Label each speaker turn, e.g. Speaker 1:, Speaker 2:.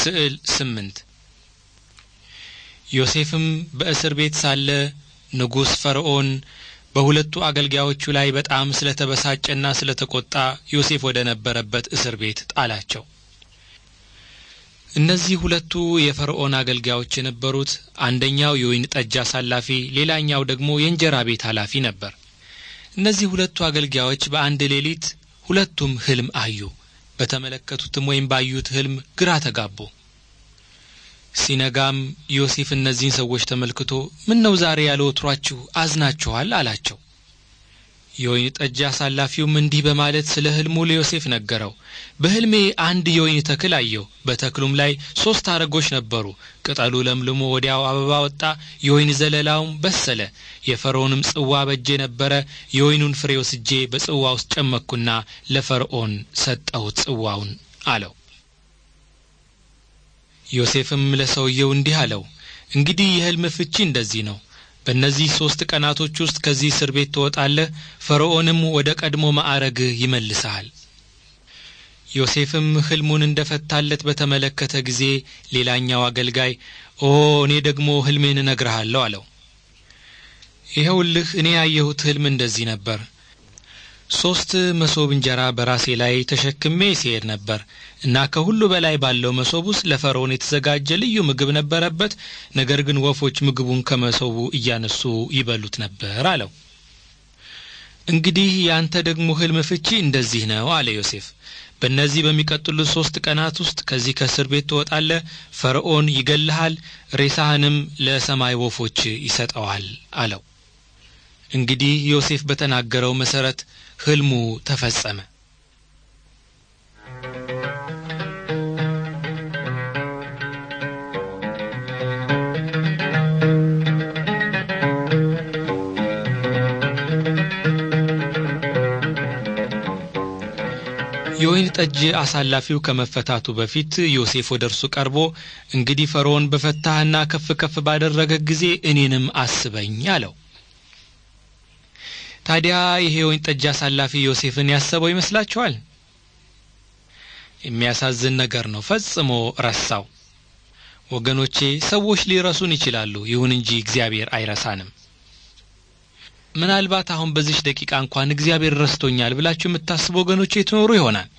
Speaker 1: ስዕል ስምንት ዮሴፍም በእስር ቤት ሳለ ንጉሥ ፈርዖን በሁለቱ አገልጋዮቹ ላይ በጣም ስለ ተበሳጨና ስለ ተቆጣ ዮሴፍ ወደ ነበረበት እስር ቤት ጣላቸው። እነዚህ ሁለቱ የፈርዖን አገልጋዮች የነበሩት አንደኛው የወይን ጠጅ አሳላፊ፣ ሌላኛው ደግሞ የእንጀራ ቤት ኃላፊ ነበር። እነዚህ ሁለቱ አገልጋዮች በአንድ ሌሊት ሁለቱም ህልም አዩ። በተመለከቱትም ወይም ባዩት ህልም ግራ ተጋቡ። ሲነጋም ዮሴፍ እነዚህን ሰዎች ተመልክቶ ምን ነው ዛሬ ያለ ወትሯችሁ አዝናችኋል? አላቸው። የወይን ጠጅ አሳላፊውም እንዲህ በማለት ስለ ህልሙ ለዮሴፍ ነገረው። በህልሜ አንድ የወይን ተክል አየሁ። በተክሉም ላይ ሦስት አረጎች ነበሩ። ቅጠሉ ለምልሞ ወዲያው አበባ ወጣ፣ የወይን ዘለላውም በሰለ። የፈርዖንም ጽዋ በጄ ነበረ። የወይኑን ፍሬ ወስጄ በጽዋ ውስጥ ጨመቅኩና ለፈርዖን ሰጠሁት ጽዋውን አለው። ዮሴፍም ለሰውየው እንዲህ አለው፣ እንግዲህ የህልም ፍቺ እንደዚህ ነው በእነዚህ ሦስት ቀናቶች ውስጥ ከዚህ እስር ቤት ትወጣለህ፣ ፈርዖንም ወደ ቀድሞ ማዕረግ ይመልስሃል። ዮሴፍም ሕልሙን እንደ ፈታለት በተመለከተ ጊዜ ሌላኛው አገልጋይ ኦ እኔ ደግሞ ሕልሜን እነግርሃለሁ አለው። ይኸውልህ እኔ ያየሁት ሕልም እንደዚህ ነበር። ሶስት መሶብ እንጀራ በራሴ ላይ ተሸክሜ ሲሄድ ነበር እና ከሁሉ በላይ ባለው መሶብ ውስጥ ለፈርዖን የተዘጋጀ ልዩ ምግብ ነበረበት። ነገር ግን ወፎች ምግቡን ከመሶቡ እያነሱ ይበሉት ነበር አለው። እንግዲህ ያንተ ደግሞ ህልም ፍቺ እንደዚህ ነው አለ ዮሴፍ። በእነዚህ በሚቀጥሉት ሶስት ቀናት ውስጥ ከዚህ ከእስር ቤት ትወጣለ። ፈርዖን ይገልሃል፣ ሬሳህንም ለሰማይ ወፎች ይሰጠዋል አለው። እንግዲህ ዮሴፍ በተናገረው መሠረት ሕልሙ ተፈጸመ። የወይን ጠጅ አሳላፊው ከመፈታቱ በፊት ዮሴፍ ወደ እርሱ ቀርቦ እንግዲህ ፈርዖን በፈታህና ከፍ ከፍ ባደረገህ ጊዜ እኔንም አስበኝ አለው። ታዲያ ይሄ ወይን ጠጅ አሳላፊ ዮሴፍን ያሰበው ይመስላችኋል? የሚያሳዝን ነገር ነው። ፈጽሞ ረሳው። ወገኖቼ ሰዎች ሊረሱን ይችላሉ። ይሁን እንጂ እግዚአብሔር አይረሳንም። ምናልባት አሁን በዚች ደቂቃ እንኳን እግዚአብሔር ረስቶኛል ብላችሁ የምታስቡ ወገኖቼ ትኖሩ ይሆናል።